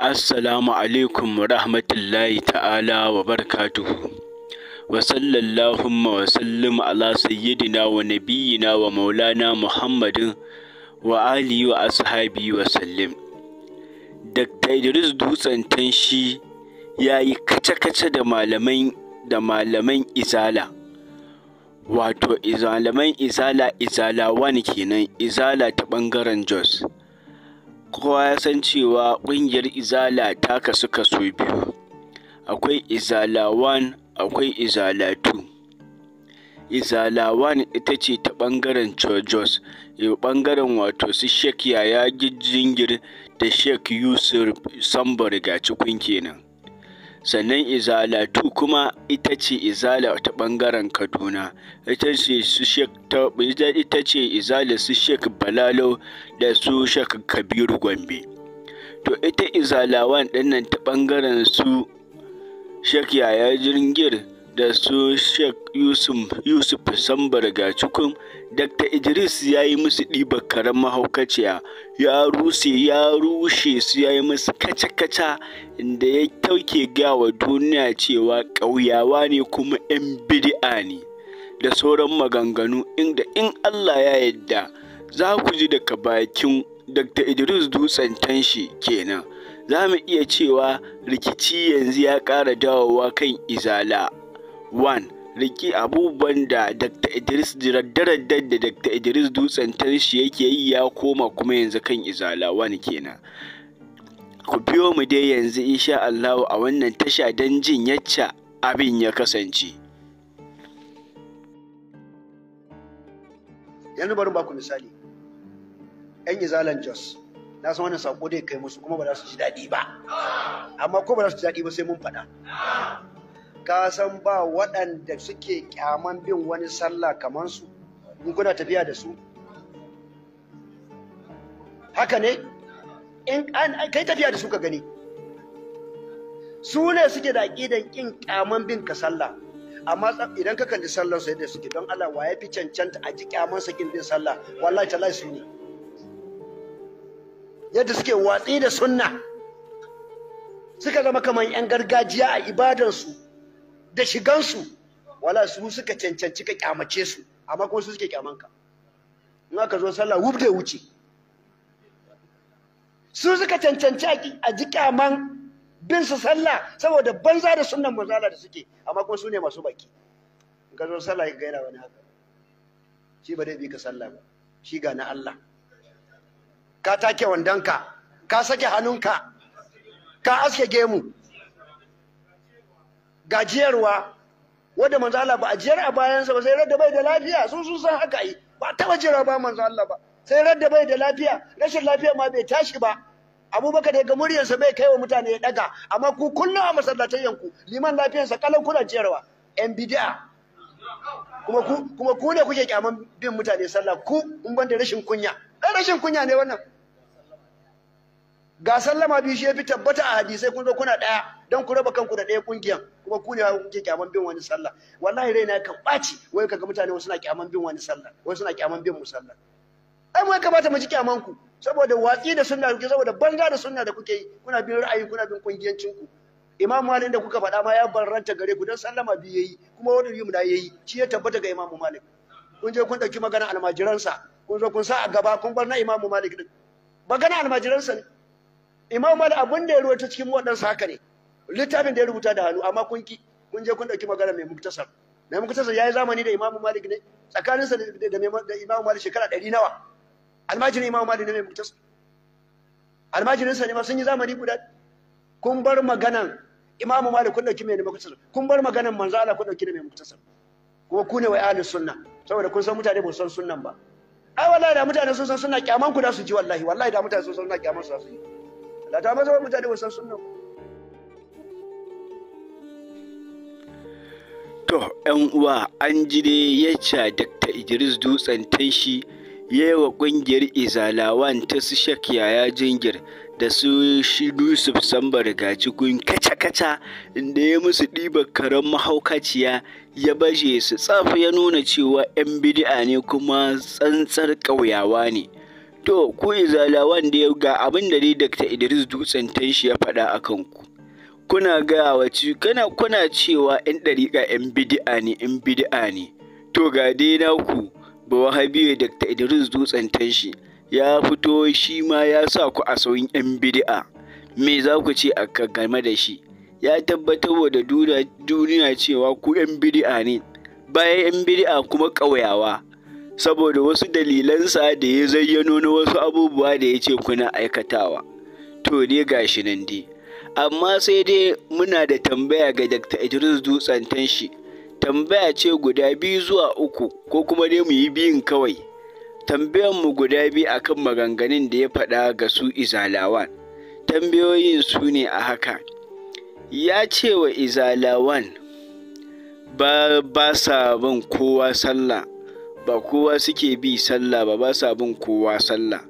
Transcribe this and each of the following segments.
Assalamu alaikum wa rahmatullahi ta'ala wa barakatuhu. Wa sallallahu wa sallim ala sayyidina wa nabiyina wa maulana Muhammadin wa ali wa ashabi wa sallim. Dr. Idris Dutsen Tanshi ya yi kace-kace da malaman da malaman Izala. Wato, izalaman Izala Izala wani kenan, Izala ta ɓangaren Jos. kowa ya san cewa ƙungiyar izala ta kasu kaso biyu akwai izala 1 akwai izala 2 izala 1 ita ce ta ɓangaren chojos e, ɓangaren wato su sheik yaya jingir da sheik yusuf sambar gaci cikin kenan sannan izala 2 kuma ita ce izala ta ɓangaren kaduna ita ce izala su shek balalo da su shek kabiru gombe to ita izalawan ɗinnan ta ɓangaren su shek yaya jirgin da su Sheikh Yusuf, Yusuf daga cikin Dr. Idris ya yi musu ɗibar karama mahaukaciya, ya rushe ya rushe su ya yi musu kaca-kaca inda ya tauke gawa duniya cewa ƙauyawa ne kuma 'yan bid'a ne da sauran maganganu inda in Allah ya yadda za ku ji daga bakin Dr. Idris Dutsen Tanshi kenan. Za mu iya cewa rikici yanzu ya ƙara dawowa kan izala. 1. riki abubuwan da Dr. Idris daradar da Dr. Idris Dutsen Tanshi yake yi ya koma kuma yanzu kan Izala wani kenan. Ku biyo mu dai yanzu insha Allahu a wannan tasha don jin yacca abin ya kasance. Yanzu bari ba ku misali. 'Yan Izalan Jos. na san wannan sako dai kai musu kuma ba za su ji daɗi ba amma ko ba za su ji daɗi ba sai mun faɗa ka san ba waɗanda suke kyaman bin wani sallah kamar su in kuna tafiya da su haka ne in an kai tafiya da su ka gani su ne suke da aƙidan kin kyaman bin ka sallah amma idan ka kalli sallar sai da suke don Allah wa ya fi cancanta a ji kyaman sakin bin sallah wallahi tallahi su ne yadda suke watsi da sunna suka zama kamar 'yan gargajiya a ibadansu da shigansu wala su suka cancanci ka kyamace su amma kuma su suke kyamanka in aka zo sallah wuf da wuce su suka cancanci a ji kyaman bin su sallah saboda banza da sunnan manzala da suke amma kuma su ne masu baki in ka zo sallah ka gaira wani haka shi ba dai bi ka sallah ba shi ga na Allah ka take wandanka ka sake hannunka ka aske gemu gajiyarwa wanda manzo Allah ba a jiyar a bayansa ba sai radda bai da lafiya sun sun san haka yi ba taba jira ba manzo Allah ba sai radda bai da lafiya rashin lafiya ma bai tashi ba abubakar daga muryarsa bai kai wa mutane ya daga amma ku kullum a masallatan yanku liman lafiyarsa kalan kuna jiyarwa yan bid'a kuma ku kuma ku ne kuke kyaman bin mutane sallah ku in ban da rashin kunya dan rashin kunya ne wannan ga sallama biyu shi ya fi tabbata a hadisai kun zo kuna ɗaya don ku raba kanku da ɗaya ƙungiyan kuma ku ne kuke kyaman bin wani sallah wallahi raina kan ɓaci wai kaga mutane wasu na kyaman bin wani sallah wasu na kyaman bin mu sallah ai mu kamata mu ji kyaman ku saboda watsi da sunna kuke saboda banza da sunna da kuke yi kuna bin ra'ayi kuna bin ƙungiyancin ku imam malik da kuka faɗa ma ya barranta gare ku don sallama biyu yayi kuma wani yi mu da yayi shi ya tabbata ga imam malik kun je kun ɗauki magana almajiransa kun zo kun sa a gaba kun bar na imam malik din magana almajiransa ne imam malik abin da ya rubuta cikin waɗansu haka ne littafin da ya rubuta da hannu amma kun ki kun je kun ɗauki magana mai muktasar mai muktasar ya yi zamani da imam malik ne Tsakanin sa da imam malik shekara ɗari nawa almajirin imam malik ne mai muktasar sa ne ma sun yi zamani guda kun bar maganan imamu malik kun dauki mai muktasar kun bar maganan manzo Allah kun dauki mai muktasar Ko ku ne wai ahlus sunna saboda kun san mutane ba san sunnan ba ai wallahi da mutane sun san sunna kyaman ku da su ji wallahi wallahi da mutane sun san sunna kyaman su da su ji da ta maza mutane wasan sunna to yan uwa an ji ne yacca Dr. Idris Dutsen Tanshi wa ƙungiyar izalawan ta su shak yaya jingir da su yusuf sambar kaca-kaca inda ya musu ɗiba karen mahaukaciya ya baje su tsafi ya nuna cewa 'yan bidi'a ne kuma tsantsar ƙauyawa ne To, ku izala wanda ya ga abin da dai Dr. Idris Dutsen shi ya faɗa a kanku. Kuna gaya wa kana kuna cewa 'yan ɗariƙa 'yan bidi'a ne, 'yan bidi'a ne. To, ga dai naku, ba wahabiya Dr. Idris Dutsen shi ya fito shi ma ya sa ku a sauyin 'yan bidi'a. Me za ku ce a game da shi? Ya tabbatar wa da duniya cewa ku 'yan bidi'a ne, bayan 'yan bidi'a kuma ƙauyawa. saboda wasu dalilansa da ya zayyano na wasu abubuwa da ya ce kuna aikatawa to ga shi nan dai amma sai dai muna da tambaya ga Dr. Idris Dutsen tanshi tambaya ce guda biyu zuwa uku ko kuma dai mu yi biyun kawai tambayan mu guda biyu akan maganganun da ya faɗa ga su izalawan tambayoyin su ne a haka ya ce wa izalawan ba sa bin kowa sallah ba kowa suke bi sallah ba ba sa bin kowa sallah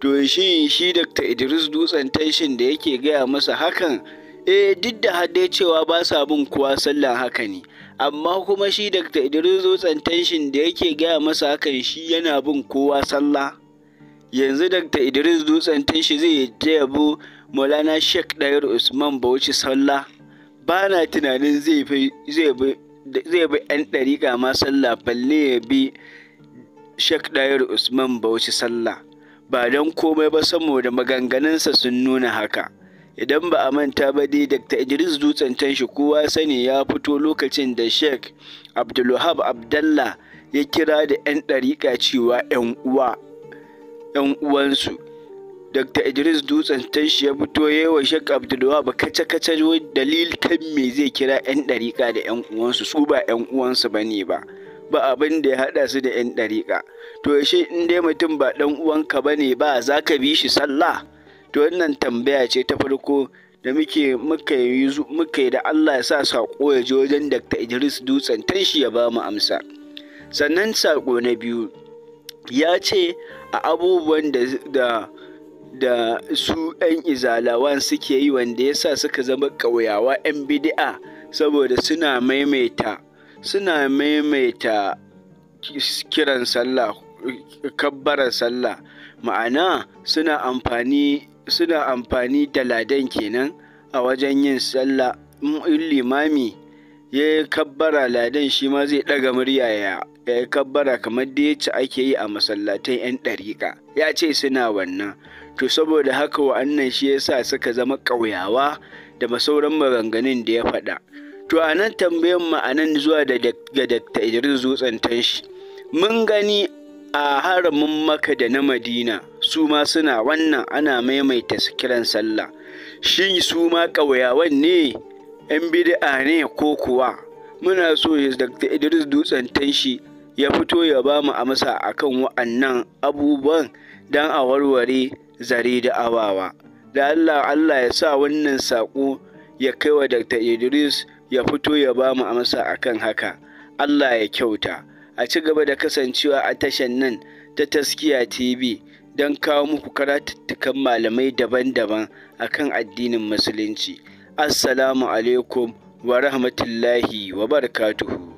to shi shi Dr. Idris Dutsen tashin da yake gaya masa hakan eh duk da dai cewa ba sa bin kowa sallah haka ne amma kuma shi Dr. Idris Dutsen tashin da yake gaya masa hakan shi yana bin kowa sallah yanzu Dr. Idris Dutsen tashin zai yi yabo Maulana Sheikh Dair Usman Bauchi sallah ba na tunanin zai bi zai bi 'yan ɗariƙa ma sallah balle ya bi shek ɗayar Usman Bauchi sallah ba don komai ba saboda maganganunsa sun nuna haka idan ba a manta ba dai Dr. Idris Dutsen shi kowa sani ya fito lokacin da shek Abdulwahab Abdallah ya kira da 'yan ɗariƙa cewa 'yan 'yan uwansu Dr. Idris Dutsen tashi ya fito ya yi wa Sheikh ba kace-kace dalil kan me zai kira 'yan ɗariƙa da 'yan uwansu su ba 'yan uwansu ba ne ba. Ba abin da ya haɗa su da 'yan ɗariƙa. To shi in dai mutum ba ɗan uwanka ba ne ba za ka bi shi sallah? To wannan tambaya ce ta farko da muke muka yi da Allah ya sa saƙo ya je wajen Dr. Idris Dutsen tashi ya ba mu amsa. Sannan saƙo na biyu ya ce a abubuwan da da su 'yan izalawan suke yi wanda ya sa suka zama ƙauyawa 'yan bidi'a saboda suna maimaita suna maimaita kiran sallah kabbarar sallah ma'ana suna amfani suna amfani da ladan kenan a wajen yin sallah in limami ya kabbara ladan shi ma zai ɗaga murya ya ya kabbara kamar da ci ake yi a masallatan 'yan ɗariƙa ya ce suna wannan to saboda haka wa'annan shi ya sa suka zama ƙauyawa da masauran maganganun da ya faɗa to a nan tambayan ma'anan zuwa ga dakta idris dutsen shi mun gani a haramin maka da na madina su ma suna wannan ana maimaita su kiran sallah shi su ma ƙauyawan ne yan bid'a ne ko kuwa muna so dakta idris dutsen shi ya fito ya ba mu amsa akan wa'annan abubuwan don a warware zare da awawa. da Allah Allah ya sa wannan saƙo ya kai wa Dr. Idris ya fito ya ba mu amsa akan haka Allah ya kyauta a ci gaba da kasancewa a tashan nan ta taskiya TV don kawo muku karatuttukan malamai daban-daban a kan addinin musulunci assalamu alaikum wa rahmatullahi wa barakatuhu